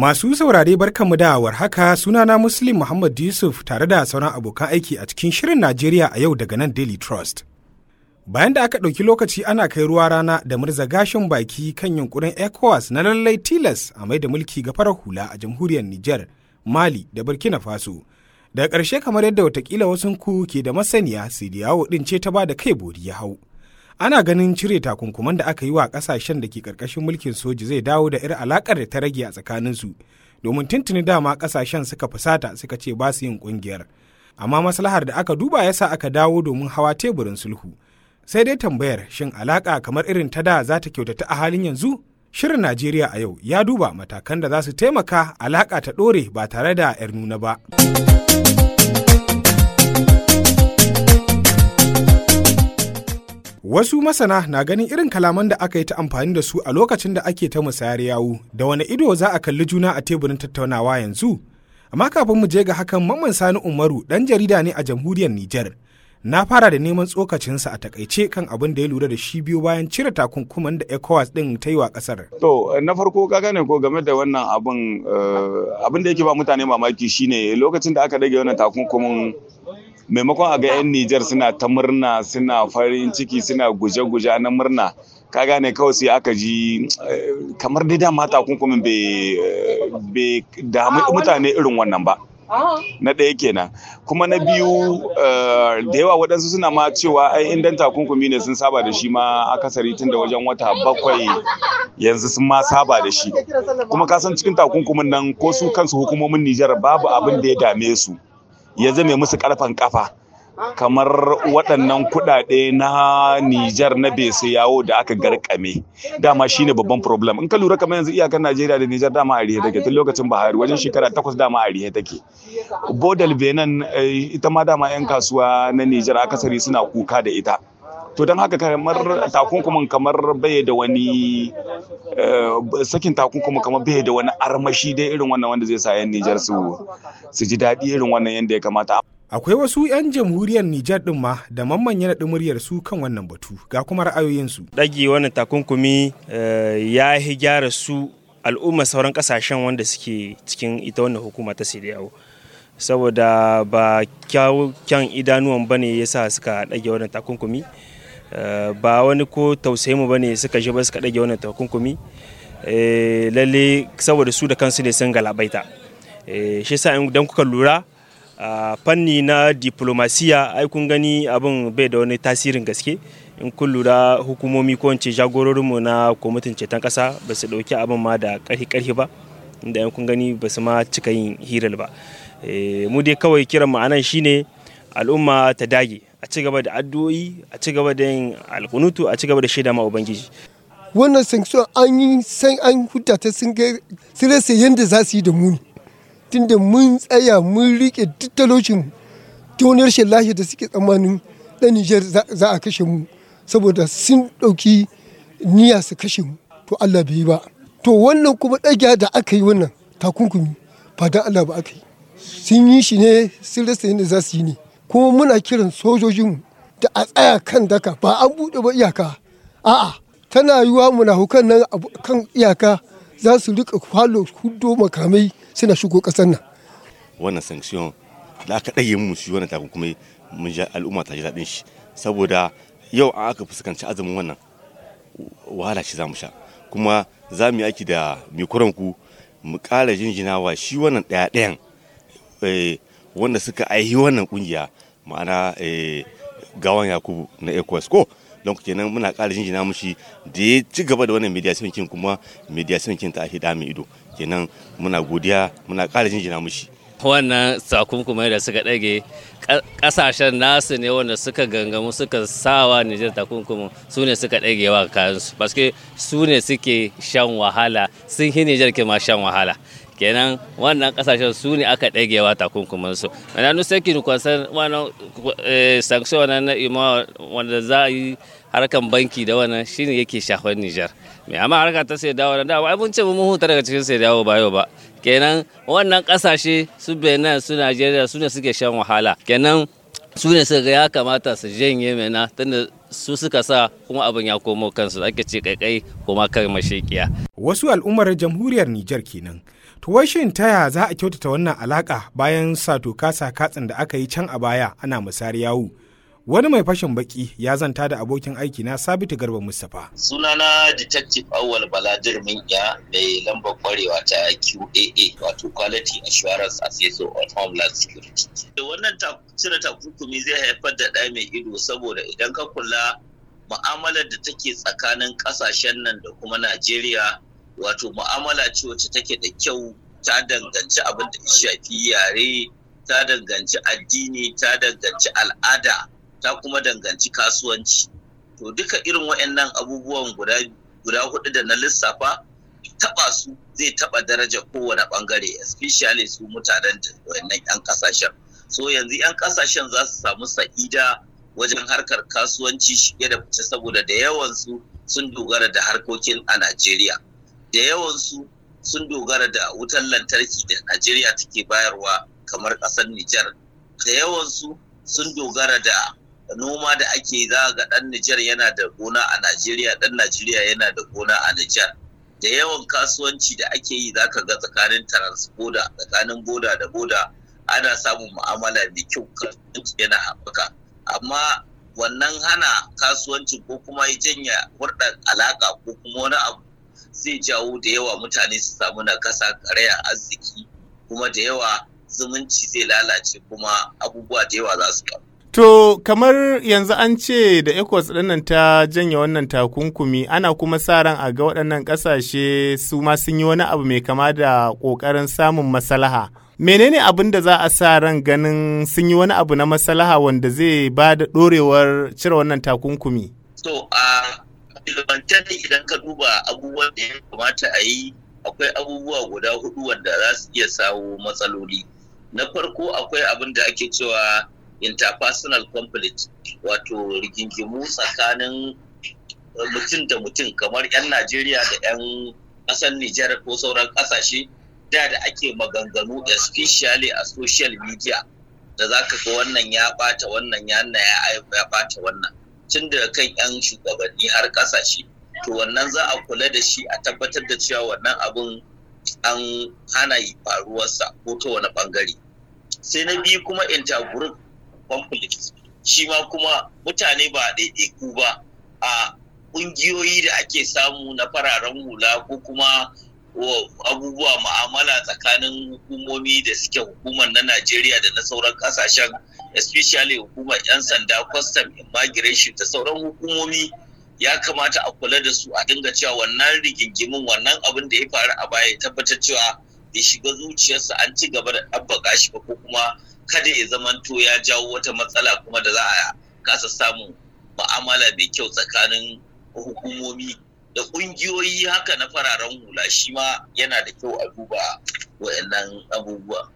Masu saurare mu da warhaka sunana Muslim Muhammad Yusuf tare da sauran abokan aiki a cikin shirin Najeriya a yau daga nan Daily Trust. Bayan da aka ɗauki lokaci ana kai ruwa rana da murza gashin baki kan yunkurin ECOWAS na lallai tilas a mai da mulki ga farar hula a jamhuriyar Nijar, Mali da Burkina Faso. Daga ƙarshe kamar yadda watakila wasu ku ke da masaniya, yawo ɗin ce ta ba da kai bori ya hau. ana ganin cire takunkuman da aka yi wa kasashen da ke karkashin mulkin soji zai dawo da irin alakar da ta rage a tsakanin su domin tuntuni dama kasashen suka fusata suka ce ba su yin kungiyar amma maslahar da aka duba yasa aka dawo domin hawa teburin sulhu sai dai tambayar shin alaka kamar irin ta da za ta kyautata a halin yanzu shirin najeriya a yau ya duba matakan da za su taimaka alaka ta ɗore ba tare da 'yar nuna ba. Wasu masana na ganin irin kalaman da aka yi ta amfani da su a lokacin da ake ta musayar yawu da wani ido za a kalli juna a teburin tattaunawa yanzu. Amma kafin mu je ga hakan Mamman Sani Umaru dan jarida ne a jamhuriyar Nijar. Na fara da neman tsokacinsa a takaice kan abin da ya lura da shi biyu bayan cire takunkuman da ECOWAS ɗin ta yi wa ƙasar. To, na farko ka gane ko game da wannan abin eh, abin da yake ba mutane mamaki shine lokacin da aka dage wannan takunkumin maimakon a ga 'yan Nijar suna ta murna suna farin ciki suna guje-guje na murna ka gane kawai sai aka ji eh, kamar dai dama kunkumin eh, bai damu ah, mutane irin wannan ba ah. na ɗaya kenan kuma na biyu eh, da yawa waɗansu suna ma cewa ai indan takunkumi ne sun saba da shi ma akasari tun da wajen wata bakwai yanzu sun ma saba da shi kuma kasan cikin takunkumin nan ko su kansu hukumomin nijar babu abin da ya dame su ya zame musu karfan kafa kamar waɗannan kuɗaɗe na Nijar na Bese yawo da aka garkame dama shine babban problem in ka lura kamar yanzu iyakar Najeriya da Nijar dama a rihe take tun lokacin Buhari wajen shekara takwas dama a rihe take Bodal Benin eh, ita ma dama 'yan kasuwa na Nijar akasari suna kuka da ita to don haka kamar takunkumin kamar bai da wani eh, sakin takunkumin kamar bai da wani armashi dai irin wannan wanda zai sa 'yan Nijar su su ji daɗi irin wannan yadda ya kamata. Akwai wasu 'yan jamhuriyar Nijar ɗin ma da mamman yana muryar su kan wannan batu ga kuma ra'ayoyinsu. Ɗage wannan takunkumi eh, ya yi gyara su al'ummar sauran kasashen wanda suke cikin ita wannan hukuma ta CDAO. Saboda ba kyan idanuwan bane yasa suka ɗage wannan takunkumi. Eh, ba wani ko tausayin mu ne suka je ba suka dage wannan takunkumi eh, lalle saboda su da kansu ne sun galabaita eh, shi sa idan kuka lura fanni na diplomasiya ai kun gani abin bai da wani tasirin gaske in kun lura hukumomi ko jagororin jagororinmu na kwamitin ceton ƙasa ba su ɗauki abin ma da ƙarfi-ƙarfi ba inda yan kun gani ba su ma cika yin hirar ba mu dai kawai kiran ma'anan shine al'umma ta dage a ci gaba da addu'o'i a ci gaba da yin alkunutu a ci gaba da shaida ma ubangiji wannan sanction an yi san an huta ta sun ga sun yadda za su yi da mu tunda mun tsaya mun rike tattalocin talocin tonar da suke tsammanin dan Nijar za a kashe mu saboda sun ɗauki niyya su kashe mu to Allah bai yi ba to wannan kuma ɗagiya da aka yi wannan takunkumi ba da Allah ba aka yi sun yi shi ne sun rasa yadda za su yi ne kuma muna kiran sojojinmu da a tsaya kan daka ba an buɗe ba iyaka a'a tana muna hukan nan kan iyaka za su rika falo hudo makamai suna shigo ƙasar nan wannan sanction da aka ɗage mu shi wannan kuma mun ja al'umma ta ji daɗin shi saboda yau an aka fuskanci azumin wannan wahala shi za mu sha kuma za mu yi aiki da mikuranku mu ƙara jinjinawa shi wannan ɗaya-ɗayan eh, wanda suka aihi wannan kungiya ma'ana eh, gawan yakubu na Ekwas ko don kenan muna ƙara jinjina mushi da ya ci gaba da wannan media sinkin kuma media sinkin ta ake dami ido kenan muna godiya muna ƙara jinjina mushi wannan takunkumai da suka ɗage ƙasashen nasu ne wanda suka gangamu suka sawa Nijar takunkumin su ne suka ɗage wa kayansu su ne suke shan wahala sun hi Nijar ke ma shan wahala kenan wannan kasashen su ne aka ɗagewa takunkumin su wani nu sai kinu kwasar wannan eh, sanction wannan na ima wanda za a yi harkan banki da wannan shine yake shafar Nijar me amma harka ta sai dawo da ai mun ce mu huta daga cikin sai dawo ba yau ba kenan wannan kasashe su Benin su Najeriya su ne suke shan wahala kenan su ne suka ya kamata su janye mena tunda su suka sa kuma abin ya komo kansu ake ce kaikai kuma kan mashekiya wasu al'ummar jamhuriyar Nijar kenan To wai shin ta yaya za a kyautata wannan alaka bayan sato kasa katsin da aka yi can a baya ana musar yawu. Wani mai fashin baki ya zanta da abokin aiki na Sabitu Garba Mustapha. Sunana Detective Awal Baladir Minya mai lambar kwarewa ta QAA wato Quality Assurance Assessor on Homeland Security. Da wannan cire takunkumi zai haifar da ɗaya mai ido saboda idan ka kula ma'amalar da take tsakanin ƙasashen nan da kuma Najeriya wato mu'amala ce wacce take da kyau ta danganci abin da shafi yare ta danganci addini ta danganci al'ada ta kuma danganci kasuwanci to duka irin wa'annan abubuwan guda guda hudu da na lissafa taba su zai taba daraja kowane bangare especially su mutanen da wayannan yan kasashen so yanzu yan kasashen za su samu sa'ida wajen harkar kasuwanci shige da fice saboda da yawan su sun dogara da harkokin a Najeriya da yawansu sun dogara da wutan lantarki da najeriya take bayarwa kamar ƙasar nijar da yawansu sun dogara da noma da ake za ga ɗan nijar yana da gona a najeriya ɗan najeriya yana da gona a nijar da yawan kasuwanci da ake yi za ka ga tsakanin transboda tsakanin boda da boda ana samun mu'amala mai kyau kasuwanci yana haɓaka amma wannan hana kasuwanci ko kuma janya hurɗar alaƙa ko kuma wani abu zai jawo da yawa mutane su samu nakasa karaya arziki kuma da yawa zumunci zai lalace kuma abubuwa da yawa za su To kamar yanzu an ce da ecos ɗinnan ta janye wannan takunkumi ana kuma sa ran a ga waɗannan ƙasashe su ma sun yi wani abu mai kama da ƙoƙarin samun masalaha Menene abin da za a sa ran ganin sun yi wani abu na masalaha wanda zai ba da ɗorewar cire wannan takunkumi? To a ilmantai idan ka duba abubuwan da ya kamata a yi akwai abubuwa guda hudu wanda za su iya sawo matsaloli na farko akwai abin da ake cewa interpersonal conflict wato rigingimu tsakanin mutum da mutum kamar 'yan najeriya da 'yan ƙasar nijar ko sauran kasashe da da ake maganganu especially a social media da za ka ga wannan ya ɓata wannan ya ya ɓata wannan tun da kan 'yan shugabanni har kasashe to wannan za a kula da shi a tabbatar da cewa wannan abin an hana yi faruwarsa ko ta wani bangare sai na biyu kuma intergroup conflict shi ma kuma mutane ba ɗaiɗaiku ba a ƙungiyoyi da ake samu na fararen hula ko kuma abubuwa ma'amala tsakanin hukumomi da suke hukumar na Najeriya da na sauran kasashen especially hukumar 'yan sanda custom immigration da sauran hukumomi ya kamata a kula da su a dinga cewa wannan rigingimin wannan abin da ya faru a baya tabbatar cewa bai shiga zuciyarsa an ci gaba da ɗabbaka shi ba ko kuma kada ya zamanto ya jawo wata matsala kuma da za a kasa samun ma'amala mai kyau tsakanin hukumomi da kungiyoyi haka na fararen hula shi ma yana da kyau a duba wa'annan abubuwa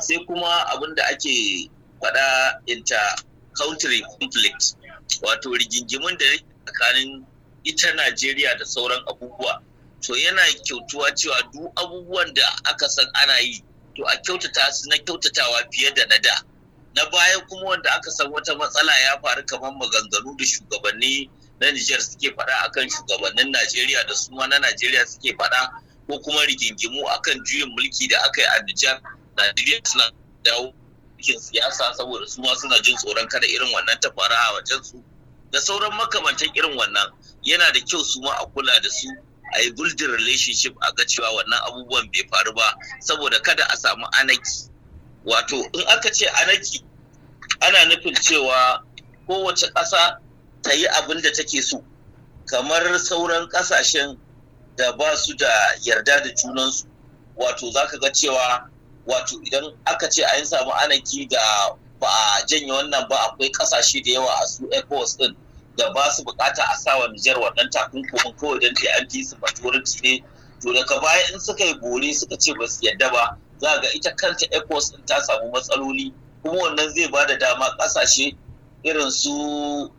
sai kuma abin da ake faɗa inter country conflict wato rigingimin da tsakanin ita Najeriya da sauran abubuwa to yana kyautuwa cewa duk abubuwan da aka san ana yi to a kyautata su na kyautatawa fiye da na da na baya kuma wanda aka san wata matsala ya faru kamar maganganu da shugabanni na Nijar suke faɗa akan shugabannin Najeriya da su ma na Najeriya suke faɗa ko kuma rigingimu akan juyin mulki da aka yi a Nijar Najeriya suna dawo cikin siyasa saboda su ma suna jin tsoron kada irin wannan ta faru a wajen su da sauran makamantan irin wannan yana da kyau su ma a kula da su a yi building relationship a ga cewa wannan abubuwan bai faru ba saboda kada a samu anaki wato in aka ce anaki ana nufin cewa kowace ƙasa ta yi abin da take so kamar sauran kasashen da ba su da yarda da junansu wato za ka ga cewa wato idan aka ce a yin samu anaki da ba a janye wannan ba akwai kasashe da yawa a su ecos din da ba su bukata a sawa nijar wannan takunkumin kawai don ta an majority ne to daga baya in suka yi bore suka ce ba su yadda ba za ga ita kanta ecos din ta samu matsaloli kuma wannan zai ba da dama ƙasashe irin su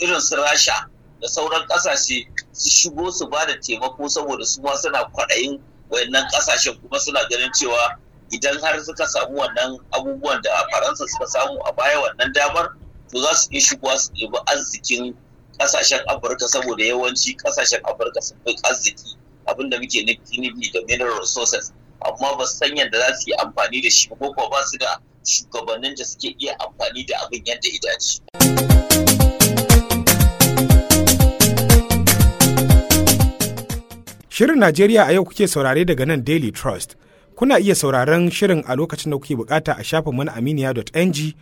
irin su rasha da sauran kasashe su shigo su ba da taimako saboda su ma suna kwaɗayin wayannan kasashen kuma suna ganin cewa idan har suka samu wannan abubuwan da faransa suka samu a baya wannan damar to za su iya shigowa su ɗebi arzikin kasashen afirka saboda yawanci kasashen afirka sun fi arziki abinda muke nufi nufi da mineral resources amma ba san yadda za su yi amfani da shi ko ba su da shugabannin da suke iya amfani da abin yadda ya dace. Shirin Najeriya a yau kuke saurare daga nan Daily Trust. Kuna iya sauraren shirin a lokacin da kuke bukata a shafin na aminiya.ng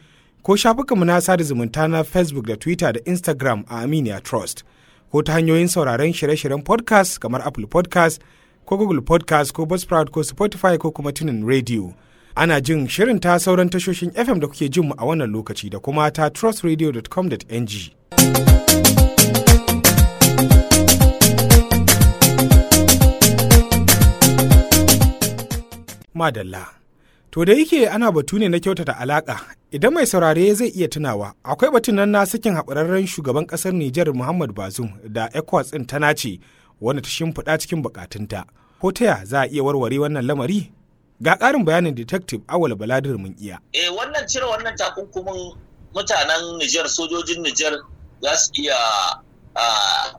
ko shafukanmu na sada zumunta na Facebook da Twitter da Instagram a Aminiya Trust ko ta hanyoyin sauraren shirye-shiryen podcast kamar Apple podcast ko Google podcast ko Buzzsprout ko Spotify ko kuma tunin radio. Ana jin shirin ta sauran tashoshin FM da kuke jin mu a wannan lokaci da kuma ta trustradio.com.ng. Madalla. To da yake ana batu ne na kyautata alaka idan mai saurare zai iya tunawa, akwai batun nan na sakin haɓararren shugaban ƙasar Nijar Muhammad Bazum da ECOWAS ɗin ta nace wanda ta shimfiɗa cikin bukatunta. Ko taya za a iya warware wannan lamari? Ga ƙarin bayanin Detective Awal Baladir mun iya. Eh wannan cire wannan takunkumin mutanen Nijar sojojin Nijar za su iya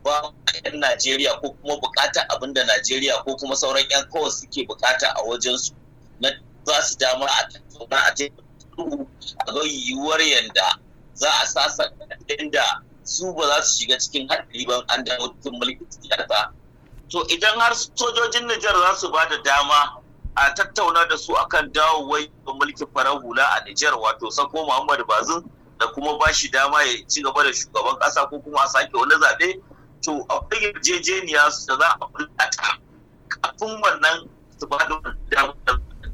ba 'yan Najeriya ko kuma bukata abin da Najeriya ko kuma sauran 'yan kawai suke bukata a wajensu. na ba su dama a tattauna a cikin a ga yiwuwar yanda za a sasa inda su ba za su shiga cikin haɗari ba an da mutum mulkin siyasa to idan har sojojin Nijar za su ba da dama a tattauna da su akan wai mulkin farar hula a Nijar wato sako Muhammadu Bazin da kuma ba shi dama ya ci gaba da shugaban kasa ko kuma a sake wani zaɓe to akwai yarjejeniya da za a kafin wannan su ba da dama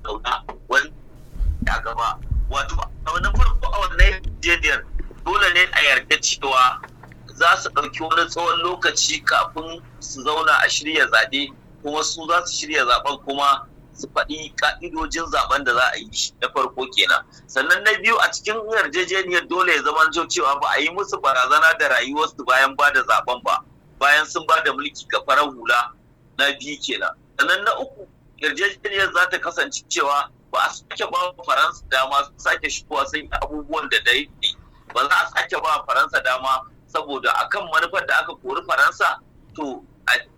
kauna wani a gaba wato a wani farko a wannan yarjejeniyar dole ne a yarda cewa za su ɗauki wani tsawon lokaci kafin su zauna a shirya zaɓe kuma su za su shirya zaɓen kuma su faɗi ka'idojin zaɓen da za a yi na farko kenan sannan na biyu a cikin yarjejeniyar dole ya zama cewa ba a yi musu barazana da rayuwarsu bayan ba da zaɓen ba bayan sun ba da mulki ga farar hula na biyu kenan sannan na uku yarjejeniyar za ta kasance cewa ba a sake ba faransa dama su sake shigowa sun yi abubuwan da da ba za a sake ba faransa dama saboda akan manufar da aka kori faransa to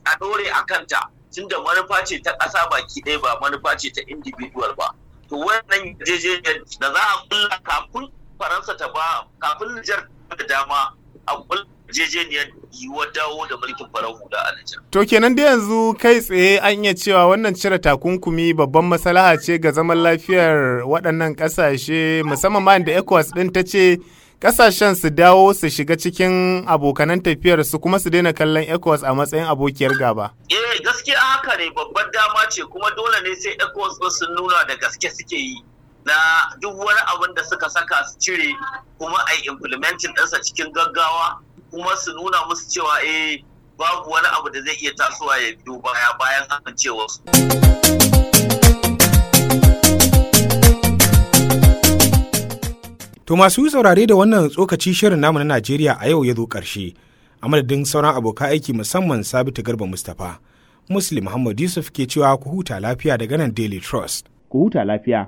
a ɗore a kanta tunda manufa ce ta ƙasa baki ɗaya ba manufa ce ta individual ba to wannan yarjejeniyar da za a kulla kafin faransa ta ba kafin nijar da dama a kulla jejeniyar yiwuwar dawo da mulkin farar hula a Nijar. To kenan da yanzu kai tsaye an iya cewa wannan cire takunkumi babban masalaha ce ga zaman lafiyar waɗannan ƙasashe musamman ma da ECOWAS ɗin ta ce ƙasashen su dawo su shiga cikin abokanan tafiyar su kuma su daina kallon ECOWAS a matsayin abokiyar gaba. Eh gaskiya haka ne babban dama ce kuma dole ne sai ECOWAS su nuna da gaske suke yi. na duk wani abin da suka saka su cire kuma a yi implementing ɗansa cikin gaggawa kuma su nuna musu cewa eh babu wani abu da zai iya tasowa ya biyo baya bayan amincewarsu. To masu saurare da wannan tsokaci shirin namu na Najeriya a yau ya zo ƙarshe, a madadin sauran abokan aiki musamman Sabitu Garba Mustapha, Muslim Muhammad Yusuf ke cewa ku huta lafiya daga nan Daily Trust. Ku huta lafiya.